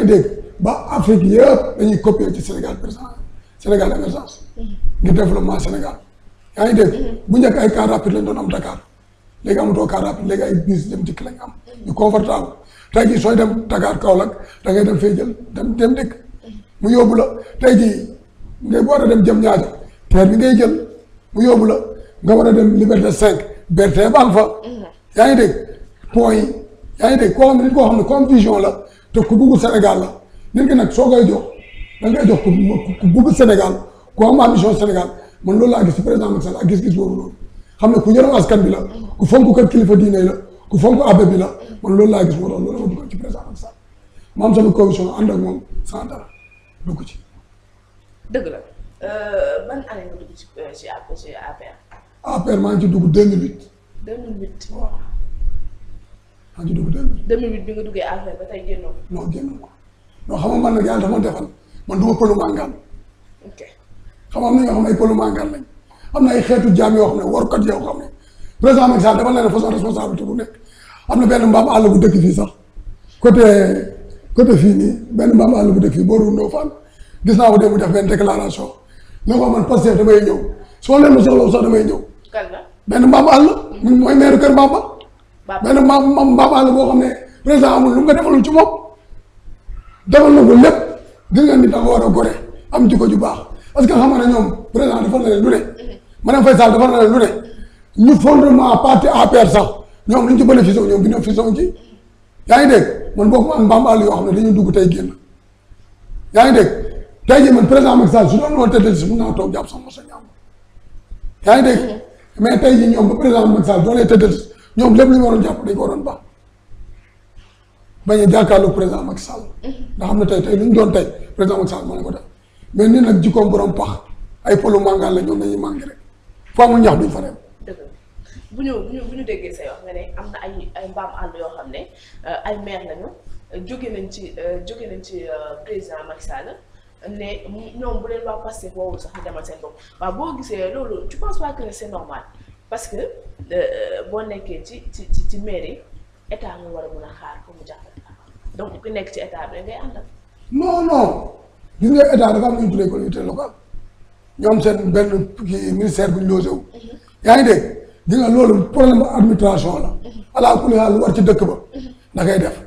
yaa ngi dégg ba Afrique yëpp dañuy copier ci Sénégal présent Sénégal émergence ngir développement Sénégal yaa ngi dégg bu njëkk ay car rapide lañ doon am Dakar léegi amatoo car rapide léegi ay bus dem dikk lañ am ñu confortable tey jii sooy dem Dakar Kaolack da ngay dem fee jël dem dem dikk mu yóbbu la tey jii ngay war a dem jëm ñaajo teer bi ngay jël mu yóbbu la nga war a dem Liberté 5 bertee baa nga fa mm-hmm. yaa ngi dégg point yi yaa ngi dégg koo xam ne nit koo xam ne comme vision la te ku bëgg Sénégal la nit ki nag soo koy jox da ngay jox ku bëgg Sénégal ku am ambition Sénégal man loolu laa gis si président Macky ak gis-gis boobu noonu xam na ku yërëm askan bi la ku fonk kër kilifa diine la ku fonk abbé bi la man loolu laa gis moo tax loolu ma bëggoon ci président Macky ma am sama conviction ànd ak moom sans dara dugg ci. dëgg la euh, ban année nga euh, ci dugg 2008. 2008 maa ngi dugg 2008. bi nga duggee affaire ba tey génnoo. non génn ko non man nag yàlla dafa ma defal man du ma pëlu màngaan. ok xam nga na ñoo xam ne ay pëlu màngaan lañ am na ay xeetu jaam yoo xam ne warkat yoo xam ne président Macky Sall dafa leen façon responsabilité bu nekk am na benn mbaam àll bu dëkk fii sax côté côté fii nii benn mbaam àll bu dëkk fii booru Ndofane gis naa ko dee mu def benn déclaration ne ko man Pastef damay ñëw soo leen ma soxla sax damay ñëw. benn mbaam àll mooy maire kër Bamba. benn maam maam mbaabaal la boo xam ne président amul lu nga defalul ci moom defal na ko lépp gis nga nit da nga war a gore am jikko ju baax parce que xam nga ne ñoom président defal na leen lu ne madame Faye Sall defal na leen lu ne ñu fondement parti APR sax ñoom li ñu ci bénéficié wu ñoom bénéficié wu ci yaa ngi dégg man bokkuma ak mbaabaal yoo xam ne dañuy dugg tey génn yaa ngi dégg tey jii man président Macky Sall su doon woon tëdd si mun naa toog jàpp sama sa ñaam yaa ngi dégg mm-hmm. mais tey jii ñoom ba président Macky Sall doo lay tëdd ñom lepp li ñu waroon japp dañ ko waroon ba bañ a président Macky Sall. ne tey tey ñu doon président Macky Sall mais il nag jikkoom borom pax ay polu la ñoom dañuy rek ñax duñ fa dem. bu ñu bu ñu bu say wax nga ne am ay ay euh, ay maire lañu nañ ci euh, nañ ci euh, président Macky Sall ne ñoom bu leen waa passé sax ñu demal seen loolu tu penses pas que c'est normal. parce que euh, boo nekkee ci ci ci ci mairie état nga war a mën a xaar pour mu jàppale la donc ku nekk ci état bi ngay àndal. non non gis nga état dafa am lu ñu tuddee collectivité ñoom seen benn kii ministère bu ñu logé wu. Mhm. yaa ngi dégg di nga loolu problème administration la. Mhm. ala kulli haal war ci dëkk ba. Mhm. da ngay def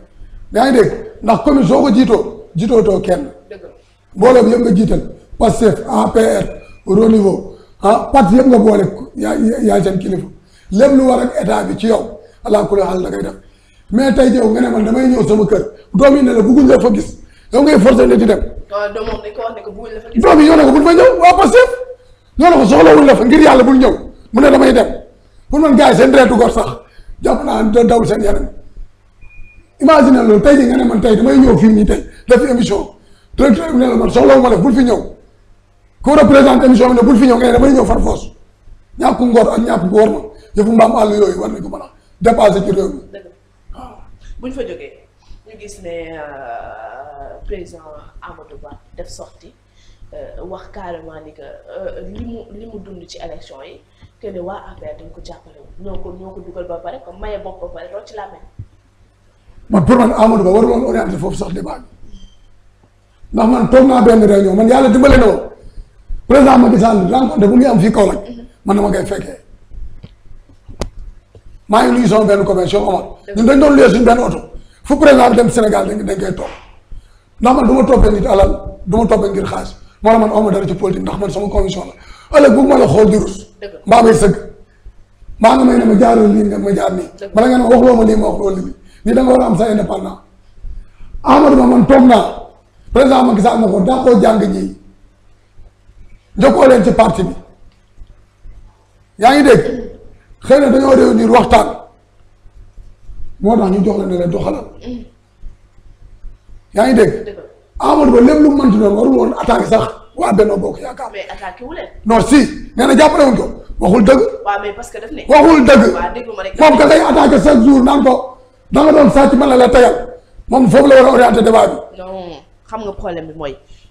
yaa ngi dégg ndax commune soo ko jiitoo jiitootoo kenn. dëgg la mbooloo bi yëpp nga jiital Pastef APR au niveau. ah parti yëpp nga boole yaa yaa seen kilifa lépp lu war ak état ci yow allah kulli xaal la koy def mais tey jii nga ne man damay ñëw sama kër doom yi ne la bëgguñ la fa gis yow ngay forcer nit di dem. waaw doomam dañ ko wax ne ko bëgguñ la fa gis. doom yi ñoo ne ko bul damay dem pour man gars yi seen reetu gor sax jàpp naa da dawul seen yaram nga ne man tey damay ñëw fii nii tey def émission directeur bi ne la man soxlawu ma la bul fi ñëw. ku représenté émission bi ne bul fi ñëw nga ne damay ñëw far foos ñàkk ngor ak ñàkk góor na yëfu mbaam àll yooyu war a dépassé ci réew mi. bu ñu fa jógee gis ne euh, président Amadou def sorti euh, wax carrément ni que euh, li mu li mu dund ci élection yi que ne dañ ko jàppale ñoo ko ñoo ko dugal ba pare comme maye bopp ba pare loolu ci la mel. man pour man Amadou Ba bi ndax man toog naa benn réunion man yàlla dimbale na woon président Macky Sall rencontre bu ñu am fi fii nak man dama kay fekkee ma ngi nuyu son ben convention amat ñun dañ doon luye suñu benn oto fu président dem Sénégal dañ dañ koy topp ndax man duma topé nit alal duma topé ngir xaalis mo la man awma dara ci politique ndax man sama convention la ala bu ma la xol di rus ma may seug ma nga may na ma jaaroo lii nga ma jaar nii bala nga wax lo ma li ma wax lo li ni da nga wara am sa indépendance Amadou ma man toog na président Macky Sall na ko daa koo jàng ñii njëkkoo leen ci parti bi yaa ngi dégg xëy na dañoo réunir waxtaan moo tax ñu jox leen ne leen doxalal yaa ngi dégg. Amadou Ba lépp lu mu mënti doon warul woon attaqué sax waa Benno Bokk Yaakaar. mais attaqué wu leen. non si nee na wuñ ko waxul dëgg. waxul dëgg. waaw ma rek moom ka lay attaqué chaque jour naan ko da nga doon sàcc mën na la tegal moom foofu la war a orienté débat xam nga problème bi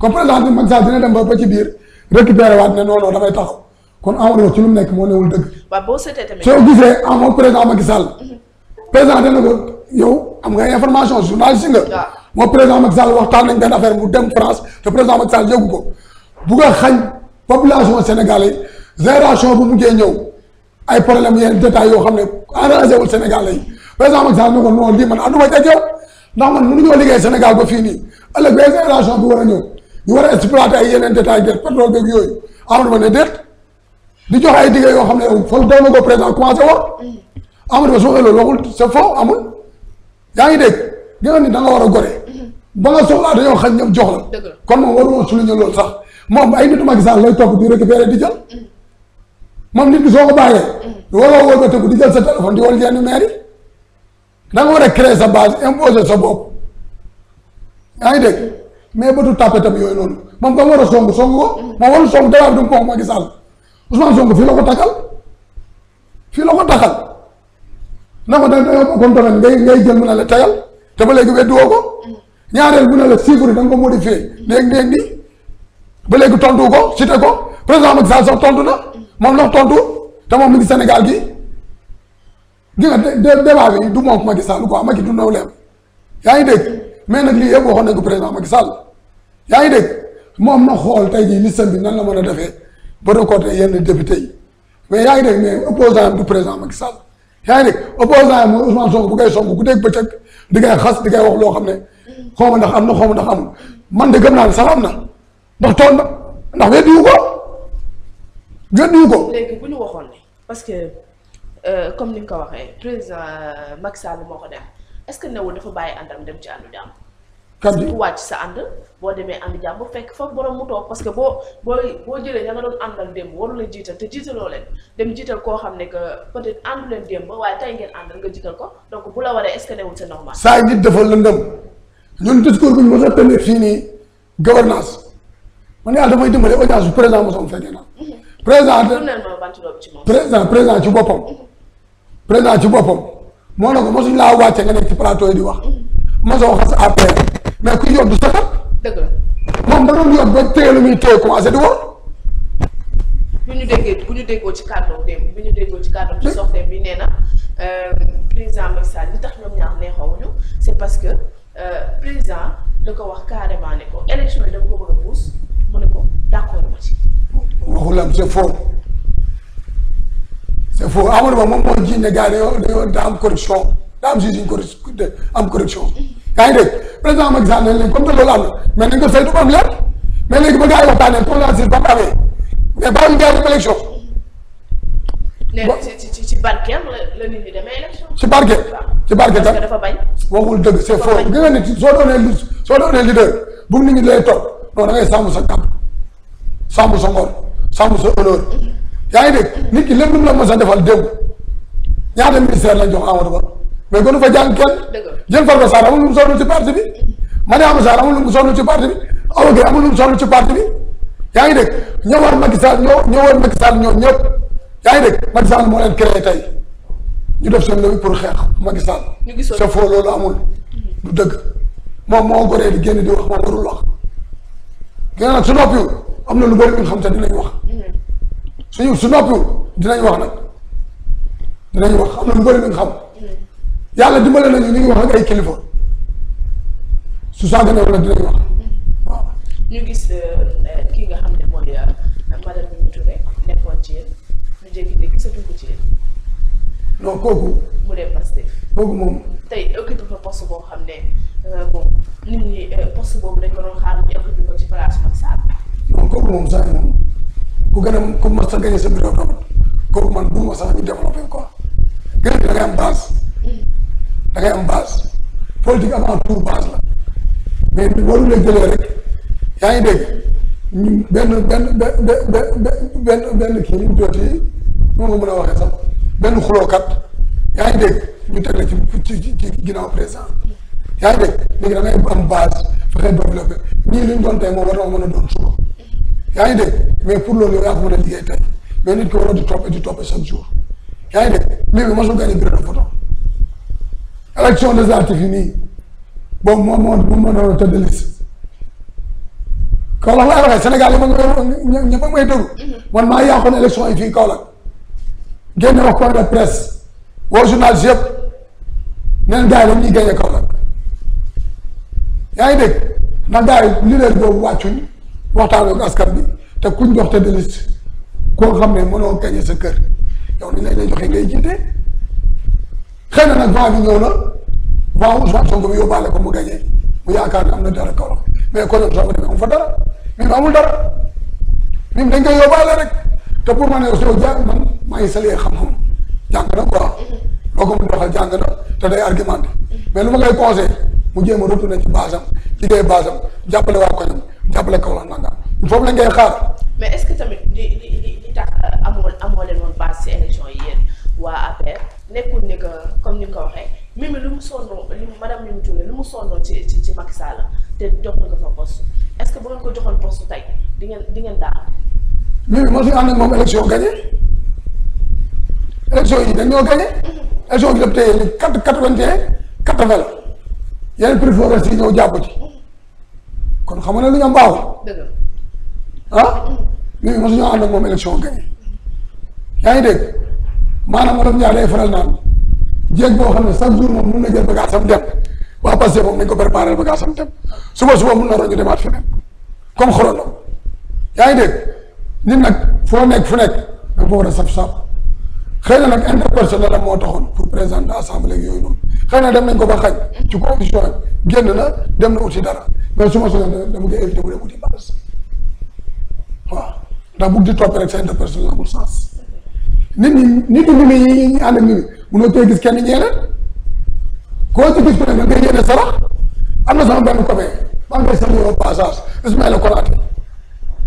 comme par exemple Macky Sall dina dem ba ci biir récupéré waat ne non non damay taxaw kon a Ba ci lu mu nekk moo newul dëgg. waaw boo seetee tamit. soo gisee amoon président Macky Sall. Mhm. am nga information journaliste nga. waaw moom président Macky Sall waxtaan nañ affaire mu dem France te président Macky Sall ko bu nga xañ population sénégalais génération bu mujjee ñëw ay problème yenn détails yoo xam ne arrangé wul sénégalais yi président Macky Sall ne ko non lii man ànduma ca yow ndax man mënuñoo liggéey Sénégal ba fii nii ëllëg ba génération bi war ñu war a exploité ay yeneen détails de pétrole beeg yooyu Amadou Ba ne déet di jox ay diggé yoo xam ne yow foofu doon na ko président commencé woon Amadou Ba soo xëy loolu waxul c'est faux ngi dégg gën ni da war a gore mhm. ba nga soxlaa dañoo xañ ñoom jox la kon moom waru woon souligner loolu sax moom ay nitu ma Sall lay topp di récupérer di jël mhm. moom nit ki soo ko bàyyee mhm. waroo wóor ba tëgg di jël sa téléphone di wal yenn maire yi da nga war a créer sa base imposer sa bopp yaa ngi dégg mais bëtu tapetam yooyu noonu moom ko war a song song ko moom warul song dara du ko Macky Sall Ousmane Sonko fii la ko takkal fii la ko takkal na ko da dañoo bokkoon domaine ngay ngay jël mu bu da nga ba léegi tontu ko cité ko président Macky Sall tontu na moom la tontu te moom mi ngi Sénégal gi yaa ngi dégg mais nag lii yëpp waxoon nañ yaa ngi dégg moom na xool jii liste bi nan la mën a defee ba récolter yenn député yi mais yaa ngi dégg mais opposant du président Macky Sall yaa ngi dégg opposant mooy Ousmane bu koy song ku dégg bëccëg di koy xas di koy wax loo xam ne xaw ma ndax am na xaw ma ndax man de gëm naa ne sax am na ndax toon na ndax weddi wu ko weddi ko. léegi bu ñu waxoon ne parce que euh, comme ni nga ko waxee président Macky Sall moo ko dem est-ce que newul dafa bàyyi àndam dem ci àndu jàmm. kan bi wàcc sa ànd boo demee ànd jàmm bu fekk fa borom mu toog parce que boo boo boo jëlee ña nga doon àndal démb waru la jiital te jiitaloo leen dem jiital koo xam ne que peut-être àndu leen démb waaye tey ngeen àndal nga jiital ko donc bu la waree est-ce que newul c'est normal. saa yi nit dafa lëndëm ñun discours bi ñu mos a tenir fii nii gouvernance man yàlla dafay dimbale audience bi président mosoon fekkee na. Mhm. président de président président ci boppam. Mhm. président ci boppam moo ne ko mosuñ laa wàcce nga nekk ci plateau yi di wax mhm. mosoo xas APR. mais ku yor du sotal. dëgg moom da doon yor ba téye lu muy téye commencé di wor. bu ñu déggee bu ñu déggoo ci kàddoom dem bu ñu déggoo ci kàddoom ci soxna bi nee na euh, président Macky Sall li tax ñoom ñaar neexoowuñu c'est parce que euh, président da ko wax carrément ne ko élection yi dama ko a pousse mu ne ko d'accord ma ci. waxulam c'est faux c'est faux Amadou Ba moom moo jiiñ ne gars dañoo dañoo daa am corruption daa am juge yaa ngi dégg président Macky Sall ne leen comme que loolu am na mais nañ ko saytu ba mu leer mais léegi ba gars yi waxtaanee consensus ba ci ci ci barke la nit ñi demee élection. ci barke ci barke tam dafa bañ. waxul dëgg c'est faux gën soo doonee soo doonee leader bu nit ñi lay topp non da sa kàddu sàmm sa ngor sàmm mm-hmm. yaa ngi dégg nit ki lépp la mës a defal démb ñaata ministère lañ jox Amadou Ba mais gënu fa jàng kenn. jën Farba Sarr amul lu mu sonn ci parti bi Mani Ama Sarr amul lu mu sonn ci parti bi Awa Gueye amul lu mu sonn ci parti bi yaa ngi dégg ñoo war Macky Sall ñoo ñoo war Macky Sall ñoom ñëpp yaa ngi dégg Macky Sall moo leen créé tey ñu def seen lobby pour xeex Macky Sall. ñu gisoon c'est faux loolu amul. du dëgg moom moo goree di génn di wax moom warul wax. gën nag su noppiwul am na lu bari lu xam te dinañ wax. Mm-hmm. suñu su noppiwul dinañ wax nag dinañ wax am na lu bëri lu xam. yàlla dimbale nañu ñu ngi wax ak ay kilifa su saaganee wala dinañ wax waaw. ñu gis euh, euh, kii nga xam ne mooy euh, madame Mimi Touré nekkoon ci yéen ñu jékki-jékki ci yéen. non kooku. mu dem Pastef. moom. xam ne bon nit ñi poste boobu dañ ko doon xaar mu occupé ko ci place kooku moom saa moom ku gën a ku mas a gagné sa bureau tamit kooku man bu ma sax ñu développé quoi gën a da da ngay am base politique avant tout base la mais ñu waru la jëlee rek yaa ngi dégg ñu benn benn benn benn benn kii ñu joti noonu nga mën a waxee sax benn xulookat yaa ngi dégg ñu teg la ci ci ci ginnaaw président yaa ngi dégg léegi da ngay am base fexe développé ñii li ñu doon tey moom war na mën a doon suba yaa ngi dégg mais pour loolu yow yaa ko mën a liggéey tey mais nit ko war a di toppee di toppee chaque jour yaa ngi dégg léegi mosul gagné bureau de vote élection législative yi nii boobu moom moo moom moo tëdd liste Kaolack waxee Sénégal yi ma nga ñëpp may déglu mhm. man maa yàqoon élection yi fii Kaolack génne wax point de presse woo journaliste yëpp neen gars yi dañ ñuy gagné Kaolack yaa ngi dégg ndax gars boobu wàccuñ waxtaan ak askan bi te kuñ jox tëdd liste koo xam ne mënoo gagné sa kër yow ni lañ lay joxe ngay jiite xëy na nag voix bi ñëw na voix Ousmane Sonko bi yóbbaale ko mu gagné mu yaakaar ne am na dara Kaolack mais Kaolack soo ko demee am fa dara mii amul dara mii dañ koy yóbbaale rek te pour man ne soo jàng man maa ngi salee xam-xam jàng na quoi loo ko mun doxal jàng na te day argumenté mais lu ma koy conseillé mu jéem a retourné ci basam liggéey basam jàppale waa koñam jàppale Kaolack nangam foofu la ngay xaar. mais est-ce que tamit di di di tax euh, amoo amoo leen woon base ci yi yéen waa APR nekkul ni que comme ni nga ko waxee Mimi lu mu sonnoo li madame Mimi Touré lu mu sonnoo ci ci ci Macky Sall te jox nga fa poste est-ce que bu ngeen ko joxoon poste tey di ngeen di ngeen daal. Mimi moo fi ànd ak moom élection gagné élection yi dañoo gagné. élection yi député yi quatre quatre-vingt-un quatre-vingt la yeneen préférence yi ñëw jàpp ci kon xam nga ne lu ñu baaxul. dëgg ah Mimi mosu moom élection gagné yaa ngi dégg. maanaam madame Ndiaye day faral naan boo xam ne chaque jour moom mun na jël bagage am dem waa passé moom nañ ko préparé bagage am dem suba suba mun comme xorondo yaa ngi dégg nit nag foo nekk fu nekk da nga war a saf-saf xëy na nag interpersonnel am moo taxoon pour présenter assemblée yooyu noonu xëy na dem nañ ko ba xaj ci condition génn na dem na uti dara mais su ma soxlee dama koy éviter mu dem uti maras waaw ndax bu di topp rek sa interpersonnel amul sens nit ñi nit ñi yi ñu ànd ak ñun mënoo cee gis kenn ñeene koo ci gis ku ne da nga yéene sarax am na sama benn copain maa ngi koy salué au passage Ismaïla Konaté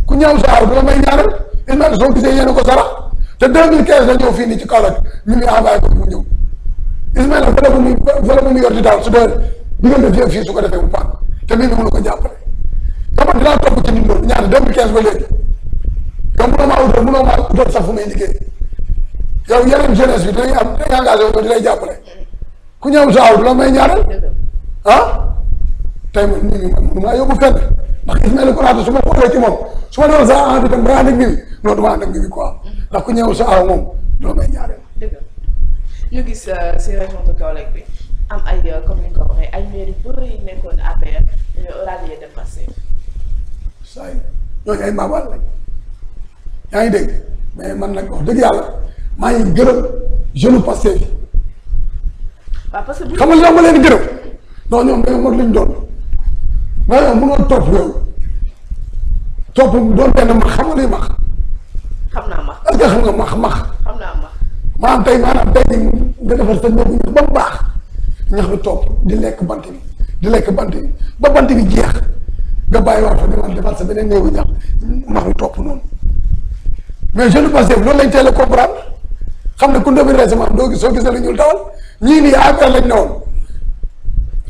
ku ñaaw saaru bu la may ñaanal Ismaïla soo ko sarax te 2015 la ñëw fii nii ñu ngi envoyé ko mu ñëw Ismaïla fële bu muy fële bu muy yor di daal su dee diggante fii fii su ko defee bu baax te mii mënu ko jàppale. dama dinaa topp ci maa utal mënoo maa sax fu may liggéey. yow yeneen jeunesse bi dinañ am dinañ engagé wu di lay jàppale ku ñëw sa aw la may ñaanal ah tey man nit ñi man mënu maa yóbbu fenn su ma xoolee moom su ma doon sa envie tam ba ànd ak nit ñi non du ma ànd ak nit ñi quoi ndax ku sa aw moom du la may ñaanal. ñu gis euh, si région de Kaolack am ay euh, comme ni nga ko waxee ay mairie bëri nekkoon APR euh, ñu yaa ngi dégg mais man nag wax dëgg yàlla. maa ngi gërëm jeune Pastef yi. waaw parce que xam nga ñoom ma leen gërëm non ñoom dañoo mën li ñu doon mais yow mënoo topp loolu topp doon benn max xam nga li max. xam naa max est-ce xam nga max max. xam naa max maanaam tey maanaam tey nga defar sa ñoom ñax ba mu baax ñax bi topp di lekk bant bi di lekk bant bi ba bant bi jeex nga bàyyi waat fa demal defar sa beneen néegu ñax max bi topp noonu mais jeune Pastef loolu lañ teel a xam ne ku ndóobin rek sama doo gis soo gisee lu ñuul tawal ñii nii affaire lañ ne woon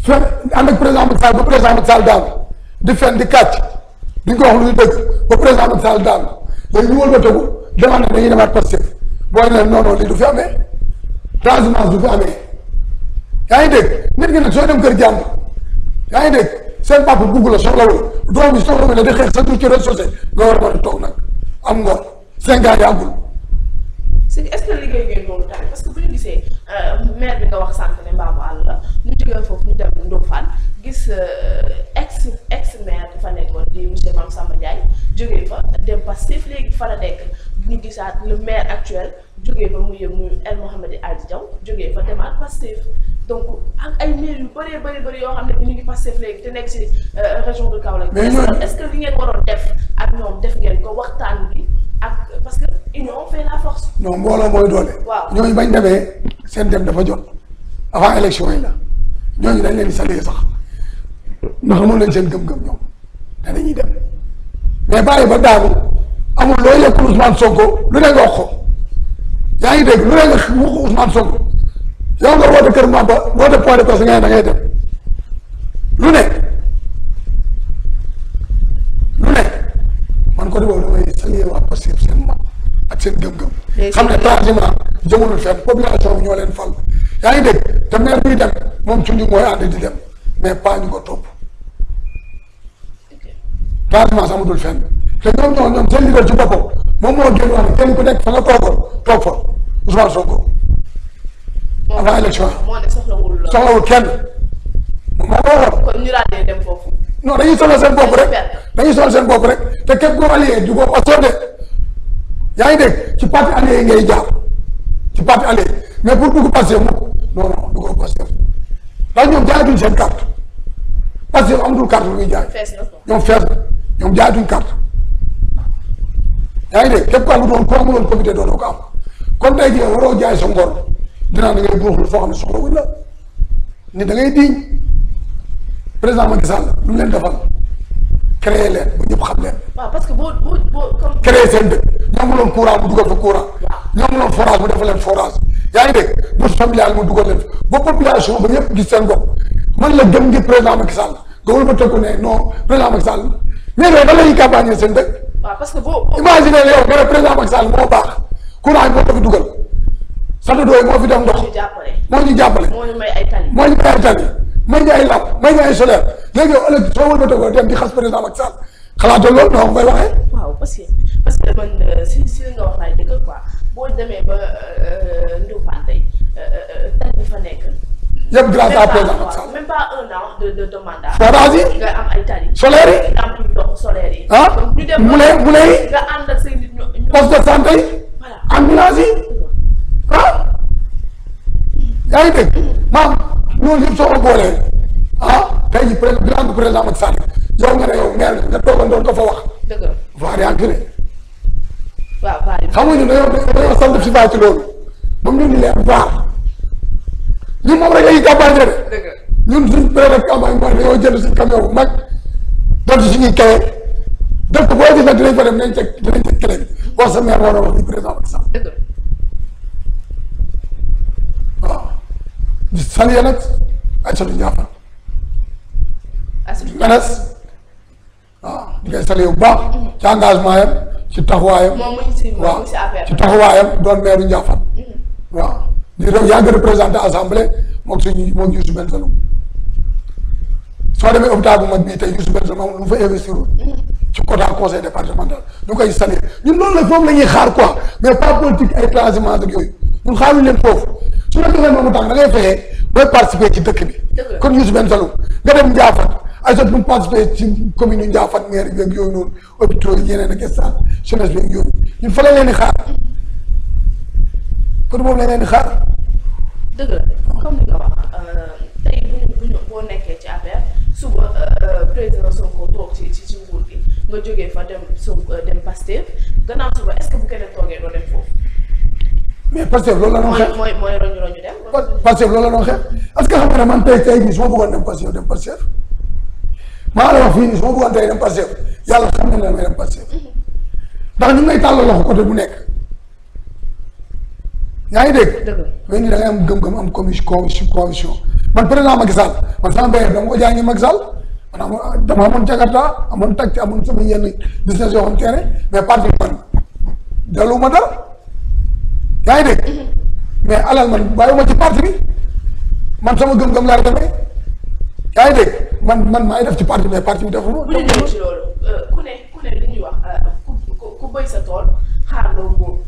su ànd ak président Macky Sall ba président Macky Sall daanu di fen di kàcc di nga ko wax lu ñu dëgg ba président Macky Sall daanu léegi ñu wëlbatiku demande dañuy demaat Pastef booy ne non non lii du fi amee transhumance du fi amee yaa ngi dégg nit ñi nag soo dem kër jàmbur yaa ngi dégg seen papa bugg la soxlawul doom bi soxlawul la di xeex sa tur ci réseaux sociaux nga war a war a toog nag am ngor cinq ans yàggul c'est est-ce que liggéey ngeen loolu tamit parce que bu ñu gisee euh, maire bi nga wax sànq ne mbaamu àll la ñu jógee foofu ñu dem Ndofane gis euh, ex ex maire dafa nekkoon di monsieur Mame Samba Ndiaye jógee fa dem Pastef léegi fa la nekk ñu gisaat lu maire actuel jógee fa mu yëg muy El Mouhamed Aly jaw jógee fa demaat Pastef donc ak ay maire yu bëree bëri bëri yoo xam ne ñu ngi Pastef léegi te nekk si euh, région de Kaolack. est-ce que li ngeen waroon def ak ñoom def ngeen ko waxtaan bi. parce que ont fait la force. non mbooloo ne doole. waaw pas bañ demee seen dem dafa avant élection yi la ñooñu dañ leen di saluer sax ndax la le mais bàyyi ba daanu amul loo Ousmane Mais lu wax ko lu wax Ousmane point de man a boobu damay saluer waa Pastef seen mot ak seen gëm-gëm. xam ne transhumance jëmulul fenn population bi ñoo leen fal. yaa ngi dégg te maire buy dem moom suñu mooy ànd di dem mais pas ñu ko topp. transhumance amatul fenn te ñoom ñoo ñoom seen leader ci boppam moom moo génn wax ne kenn ku nekk fa nga toogoon toog fa Ousmane Sonko. avant moo ko waral. kon ñu daal non dañuy sonal seen bopp rek dañuy sonal seen bopp rek te képp koo allié du de yaa ngi dégg ci parti allié yi ngay jaar ci parti allié mais pour dugg Pastef mu non non dugg Pastef ndax ñoom jaayatuñ seen carte Pastef amatul carte bu ñuy jaay ñoom fees na ñoom jaayatuñ carte yaa ngi dégg képp ko am doon ko amuloon comité ko am kon tey jii waroo jaay sa ngor dinaa da ngay buux lu foo xam ne soxla wuñ la ni da diñ président Macky Sall lu mu leen defal créer leen ba ñëpp xam leen. waaw parce que boo boo boo comme. créer mu dugal fa courant. mu defal leen forage. yaa ngi dégg ba population gis seen bopp man la gëm ngir président Macky Sall nga wër ma tëggu ne non président Macky Sall mais mais ba la ñuy campagne seen dëkk. waaw parce que may nga ay laaj may nga ay solaire léegi yow ëllëg soo wëlbatee ko dem di xas président Macky Sall xalaatoo loolu noo ko fay waxee. waaw parce que parce que man euh, si si li nga boo demee ba euh, euh, Ndioufane fa nekk. yëpp grâce mu ne mu ne yi nga ànd ak say nit ñu. poste de Yusuf போல tey o grand président Macky Sall yow nga ne yow maire nga toogoon doon ko fa wax. o la vaar yaa gën. waaw vaar yi. xamuñu ne yow dañoo sant si vaar ci loolu ba mu ne leen vaar ñun moom rek la ñuy campagne de. dëgg la ñun o préfet campagne mooy o jënd suñ camion bu mag doon ci suñuy kaye def ko boo gis nag dinañ fa dem dinañ teg dinañ teg keneen wax sa maire waroon wax ni président Macky Ah, di salué nag Aïssatou Diatta. Aïssatou Diatta waaw di koy salué bu baax. ci engagement yam ci taxawaayam. moom waaw ci taxawaayam doon meeru Ndiaffane. Mm-hmm. waaw di doon yàgg représenté assemblée moom suñu moom Youssou Bengelloune soo demee hôpital bu mag bii tey Youssou Bengelloune moom lu mu fa investir mm-hmm. ci côté conseil départemental ñu koy salué ñun loolu la foofu la ñuy xaar quoi mais pas politique ay transhumance ak yooyu ñun xaaruñu leen foofu. su la joxee moomu tànk da ngay fexe booy participer ci dëkk bi. kon Youssou Ben Salou nga dem Ndiaffate ay sot bu mu participer ci commune yu Ndiaffate maire yeeg yooyu noonu hôpitaux yi yeneen ak stade jeunesse beeg yooyu ñun fa la leen leen di xaar. dëgg la comme ni nga wax euh, tey nekkee ci affaire suba euh, président Sonko toog ci ci nguur gi nga jógee fa dem Sonko euh, dem Pastef gannaaw suba est-ce que bu keneen toogee doo dem foofu. mais Pastef loolu la doon xeex mooy mooy roñu roñu dem. Pastef loolu la xeex est-ce que xam nga ne man tey tey jii su ma bëggoon dem Pastef dem Pastef maa la wax fii nii xam na ne may dem Pastef ndax ñu ngi lay tàllal loxo côté bu nekk yaa ngi dégg. dëgg la da ngay am gëm-gëm am commission conviction man président Macky Sall man sama mbéy dama ko jàngee Macky Sall man amoon dama amoon Jakarta amoon Takti amoon sama yenn business yoo xam ne mais parti man daluma dara. yaa ngi dégg mais alal man ma ci parti bi man sama gëm-gëm laa demee yaa ngi man man maa ngi ci parti mais parti bi defuloo. bu euh, li ñuy wax euh, ku ku béy sa tool xaar loo nguur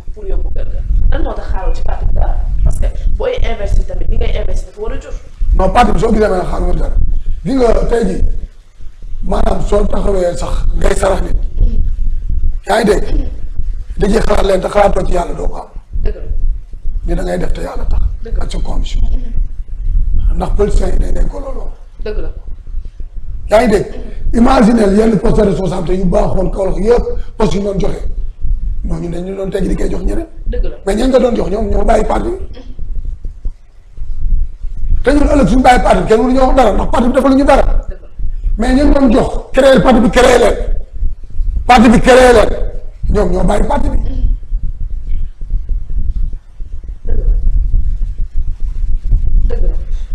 parti bi parce que booy investir tamit li ngay investir dafa war a jur. non parti bi soo gisee ma ne xaaruma dara li nga jii maanaam soo taxawee sax ngay sarax nit mm-hmm. yaa de dégg mm-hmm. dañuy xalaat leen te xalaatoo ci yàlla doo am. ñu da ngay def te yàlla tax. dëgg ak sa conviction. ndax politiciens yi dañ leen ko looloo. dëgg la. yaa ngi dégg imaginez yenn poste de responsabilité yu baaxoon Kaolack yëpp poste yu ñu doon joxe ñooñu dañ ñu doon teg di koy jox ñeneen. dëgg la mais ñeen nga doon jox ñoom ñoo bàyyi parti te ñun ëllëg suñu bàyyi parti kenn mënuñoo wax dara ndax parti bi dafa lu ñu dara mais ñu doon jox créé parti bi créé leen parti bi créé leen ñoom ñoo bàyyi parti bi.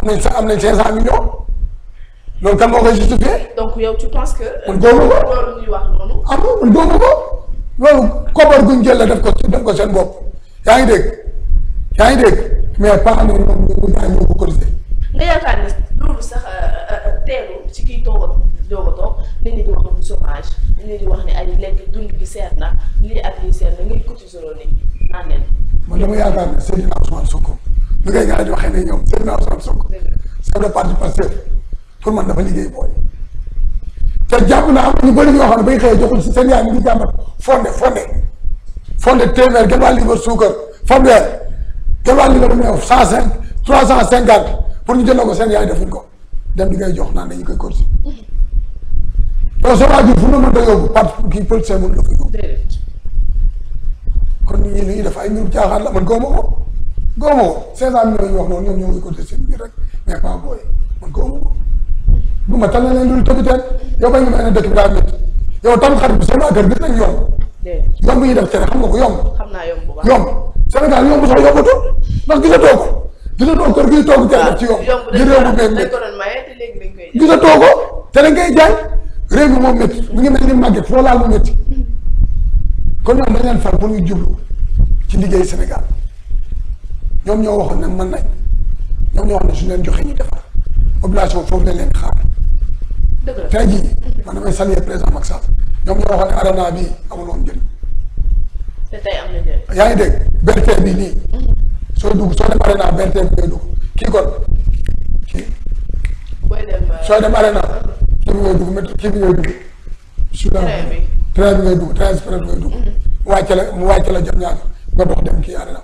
am nañ sax am nañ cinq cent millions loolu kan moo koy justifié. donc yow tu penses que. man euh, góobu ko loolu ñuy wax noonu. ah man góobu ko loolu kobar guñ jël la def ko def ko seen bopp yaa ngi dégg yaa ngi dégg mais pas ne ñoom ñoo ñaa ñoo ko cotisé. nga yaakaar ne loolu sax euh, euh, teelu ci di wax ni ay lekk dund bi seer na lii ak lii seer na nit ñi naan leen. man dama yaakaar ne Seydina Ousmane Sonko li ngay gars yi di ne ñoom seen naa Ousmane Sonko chef de parti Pastef pour man dafa liggéey booy te jàpp naa am ñu bëri ñoo xam ne bay xëy joxul si seen yaay mi ngi jàmbat fonde fonde fonde téeméer gën waa livre suukar fanweer gën waa livre meew cent cinq cinquante pour ñu jëndoo ko seen yaay defuñ ko dem di ngay jox naan dañu koy corsi te soo waajur fu mu mën a yóbbu parti kii politicien mënu la ko yóbbu kon nit ñi dafa ay ñur caaxaan la man koo moom gomo seetaan ñooñu wax noonu ñoom ñoo ngi côté seen biir rek mais pas booy man góomoo ko ma tan len dul tëbiteen yo bañ nga mel dekk ba bi yo tam xar bu sama gar gis nañ de yo yi def cere xam nga ko yomb xam naa yomb bu baax yomb Sénégal yomb sax yombatu ndax gisatoo ko gisatoo kër gi toog teel def ci yom gi rew bu ben métti gisatoo ko te la ngay jaay rew bi moom métti mi ngi melni magge fo la lu met métti kon ñoom dañ leen far bu ñu jublu ci liggéey senegal ñoom ñoo wax na mën nañ ñoom ñoo wax ne suñu leen joxee ñu defar population foofu lañ leen xaar. dëgg la tey jii man damay saluer président Macky Sall ñoom ñoo waxoon ne arena bi amul woon njëriñ. te tey yaa ngi dégg berte bi nii. Mhm. soo dugg soo dem arena berte bi ngay dugg kii kon kii. booy dem euh, soo dem arena kii bi ngay dugg météo kii bi train bi train ngay dugg train mhm. wàcce la mu wàcce la jot ñaar nga dox dem kii arena.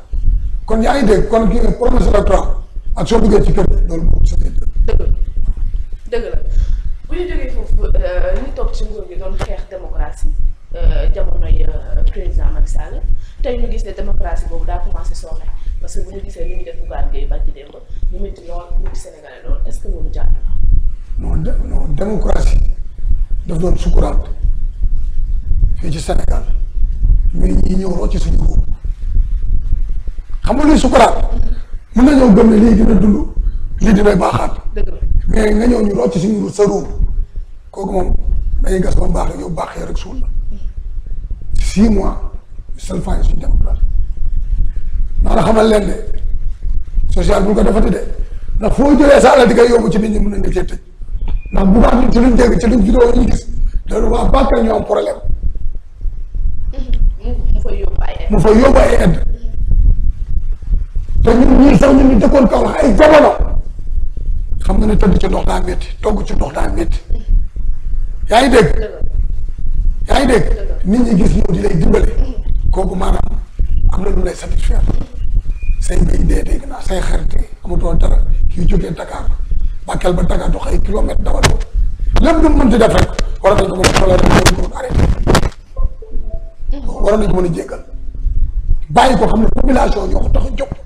kon yaa ngi dégg kon kii ne promesse électorale ak soo duggee ci kër loolu moom sa dëgg dëgg la bu ñu jógee foofu euh, ñu toog ci nguur bi doon xeex démocratie euh, jamonoy euh, président Macky Sall tey ñu gis ne démocratie boobu daa commencé soo parce que bu ñu gisee li ñu def Bougane Gueye bàcc dem ko ñu métti lool ñu métti Sénégalais lool est-ce que loolu jàpp na. non sukkuraat fii ci Sénégal ñun ñii ñëw rocc suñu nguur. xam nga luy sukuraat mën nañoo gëm ne lii dina dund lii dina baaxaat mais nga ñëw ñu rocc suñu ru sa ruum kooku moom dañuy gas ba mu baax rek yow baaxee rek suul la six mois xamal leen de social bu ko defati ndax foo jëlee sa alal di koy yóbbu ci nit ñi mën nañ la cee tëj ndax bu ci luñ dégg ci luñ juddoo ñu am problème mu fa yóbbu ay te ñun ñii sax ñu ngi dëkkoon kaw ay jamono xam nga ne tëdd ci ndox daa métti togg ci ndox daa métti yaa ngi dégg yaa ngi dégg nit ñi gis ñëw di lay dimbale kooku maanaam am na lu lay satisfaire say mbéy dee dégg naa say xarité amatoo dara kii jógee Dakar Bakel ba Dakar dox ay kilomètres dawal ko lépp lu mu mënti def rek war a xoolal rek ko mën a arrêté war nañ ko mën a jéggal bàyyi ko xam ne population ñoo ko tax a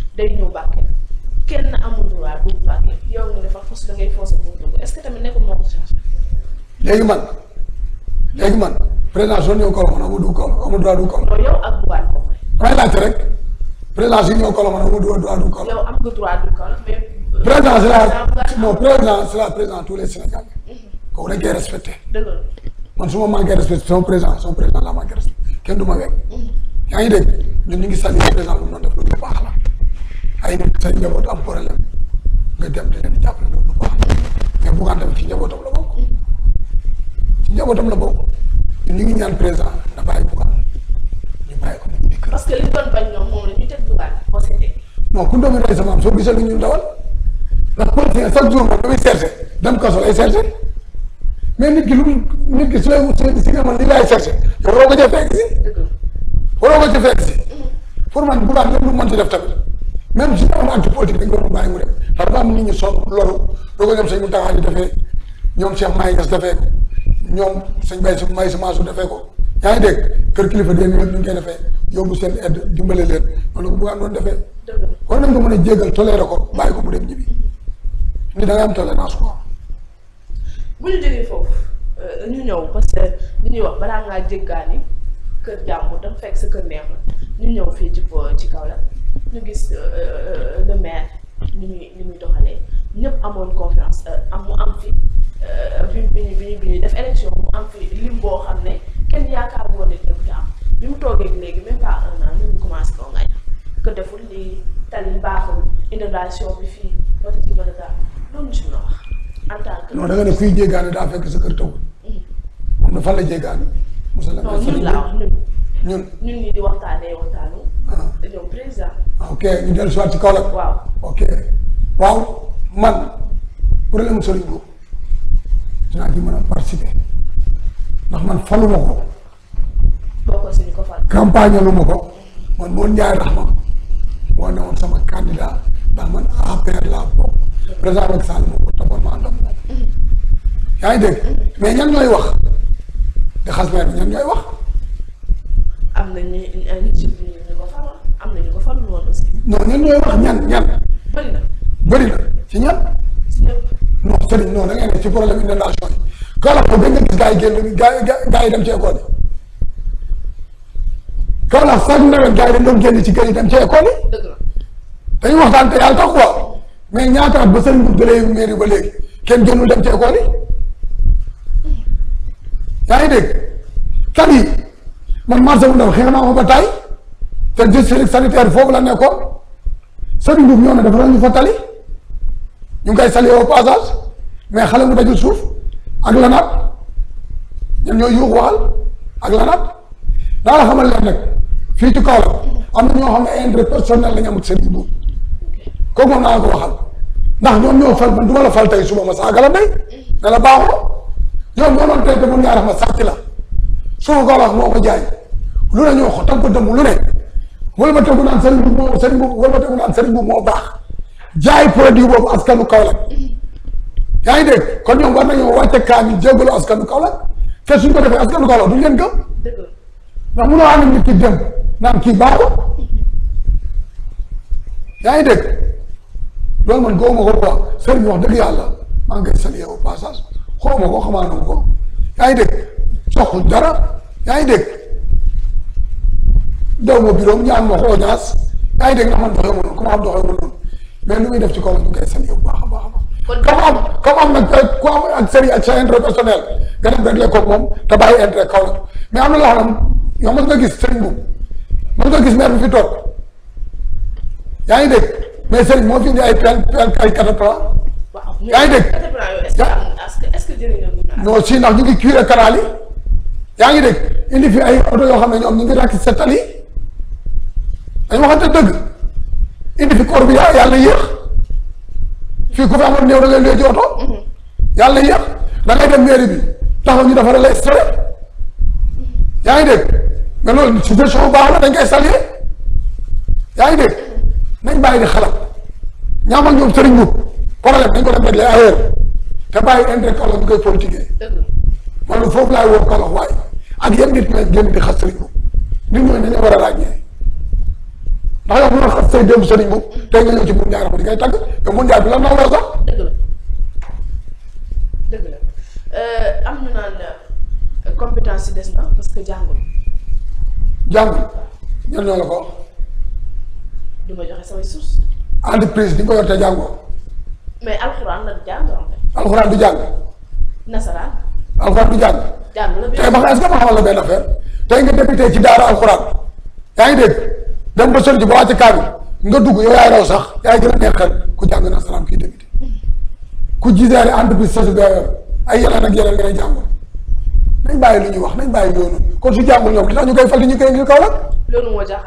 day ñëw Bakel kenn amul droit dugg Bakel yow nga dafa fos da ngay forcer pour dugg est-ce que tamit nekkul moo léegi man léegi man président zone ñëw Kolobane amul dugg Kolobane amul droit dugg Kolobane. yow ak nga droit dugg Kolobane mais. Euh, président c'est la président c'est la président tous mhm. la man ma manqué respecté son président son président la manqué respecté kenn du ma wekk. Mhm. yaa ngi dégg ñun ñu ngi salué président lu mu doon def lu baax la. ay nit say njaboot am problème nga dem di leen jàppale loolu lu baax mais bu nga dem ci njabootam la bokk ci njabootam la bokk ñu ngi ñaan président na bàyyi bu ñu bàyyi ko mu dikk. parce que li doon bañ ñoom moom la ñu teg dugal boo seetee. non ku doomi rey sama am soo gisee lu ñu dawal ndax politicien chaque jour moom damay cherché dem kaso lay cherché mais nit ki lu nit ki su lay si nga man li laay cherché yow waroo ko ca fekk si. waroo ko ca fekk si mm-hmm. pour man bu baax ñoom lu mën ci def tamit. même si am acte politique dañ ko doon bàyyi mu dem xam am nit ñu sonn loolu doo ko ñoom sëñ defee ko yaa ngi dégg kër kilifa den ñu ngi koy defee yóbbu seen aide dimbale leen loolu bu ko mën a jéggal toléré ko bàyyi ko mu ni am tolérance quoi. bu ñu jógee foofu euh, ñëw parce que li ñuy wax balaa ngaa jéggaani kër jàmbur dama fekk sa kër neex la ñu ñëw fii ci ci kaw la ñu gis euh, euh, le maire confiance euh, am am fi bi bi def élection am fi yaakaar bi mu même pas un an ñu commencé deful li bi wax non da nga fekk sa taw. Hmm. la ñun ñun. di ah. président. ok ñu dellu si waat oke, Kaolack. waaw ok waaw man problème sëriñ boobu nah, dinaa ci mën participer ndax man faluma ko. bokkul si ko fal. campagne lu ma ko man Mawne Ndiaye Rahma sama candidat ndax man APR laa bokk président Macky Sall moo ko ma àndam moom. yaa ngi ñooñu ñooy wax ñan ñan. bëri na bëri na ci ñan. ci ñëpp non sëriñ non da ngay ne ci problème inondation yi Kaolack moom da nga gis gars yi génn gars yi dem ci école yi. Kaolack chaque nawet gars yi dañ doon génn ci kër yi dem ci école yi. dañuy waxtaan te yàlla tax quoi mais ñaata at ba sëriñ bu jëlee mairie ba léegi kenn génnul dem ci école yi. yaa ngi dégg tali man marché bu ndaw xeex naa ko ba taay te district sanitaire foofu la nekkoon. Serigne Diouf ñoo ne dafa ñu fa tali ñu ngi koy salué au mais xale mu dajul suuf ak lanaat ñun ñooy yuux waxal ak lanaat daala xamal leen nag fii ci kaw am na ñoo xam ne intérêt personnel la ñu amut Serigne Diouf kooku moom naa ko waxal ndax ñoom ñoo fal man du ma la fal tey suba ma saaga la day ne la baaxoo ñoom ñoo doon tey te mun ngaa rax ma sàcc la suba ko wax moo ko jaay lu ne ñoo xotam ko dëmm lu ne ولما تكون عن سرب سرب ولما تكون عن سرب موضع جاي فردي بوب أسكان مكالا يعني ده كل يوم قرن يوم وقت كان يجيبوا له أسكان مكالا كشوف كده أسكان مكالا دنيا كم نامونا عن المكتب نام كيبابو يعني ده لما نقوم غربا سرب ما دقي الله ما نقصني أو باساس خو ما هو خمانه هو يعني ده شو خدرا يعني ده daw ma bureau ñaan ma ko audience yaa ngi dégg nga man doxee ma noonu def ci kaw la ñu koy seen am comme am nag euh, ku moom te bàyyi intérêt kaw la mais na loo xam ne yow gis sëriñ boobu mos nga gis maire bi fi toog yaa ngi dégg mais sëriñ moo fi indi ay pel pel ay cataplan. waaw yaa ngi dégg. que non si ndax ñu ngi cuire yaa ngi dégg indi fi ay oto yoo xam ne ñoom ñu ngi ràkk setal dañ waxante dëgg indi fi koor bi yaa yàlla yéex ku fi amoon néew da ngay luwee ji oto mm-hmm. yàlla yéex da ngay dem mairie bi taxaw ñu defaral lay sare yaa ngi dégg mais loolu suggestion bu baax la dañ koy saluer yaa ngi dégg mm-hmm. nañ bàyyi di xalaat ñaam ak ñoom sëriñ bu problème dañ ko dem régler ailleurs te bàyyi intérêt kala ñu koy politiquer man foofu laay woo kala waaye ak yéen nit ñi génn di xas sëriñ bu nit ñooñu dañoo war a ràññee ndax yow bu doon xas say démb sëriñ boobu nga ñëw ci mun njaay di ngay tàgg yow mun njaay bi lan la war sax. dëgg la dëgg la am ñu naan compétence yi des na parce que jàngul. jàngul ñan ñoo la ko. du ma joxe samay source. entreprise di nga ko yor te jàngoo. mais alxuraan la jàng. alxuraan du jàng. nasaraan. alxuraan du jàng. jàng la tey ba est-ce que ma xamal la benn affaire tey nga débuté ci daara alxuraan yaa ngi dem ba sori ci ba wàcc kaabi nga dugg yow yaay raw sax yaay gëna a kan? ku ku na salam ki dégg ku gisaare entreprise sa bi ay yalla nak yalla nga jang nañ bàyyi li ñu wax nañ bàyyi yoonu kon su jang ñok li tax ñu koy fal di ñu koy ngir kaw la. loolu moo na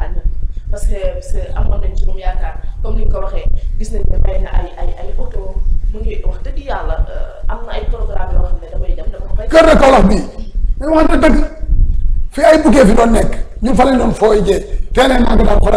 parce que parce que nañ ci mum yaakaar comme niñ ko waxe gis nañ ne bayna ay ay ay auto mu ngi wax dëgg yàlla euh, am na ay programme yo xamne damay dem dama koy. kër na wax bi dama wax deug fi ay bukkee fi doon nekk ñun fa lañ doon fooy jee teenee maa ngi daan xoolal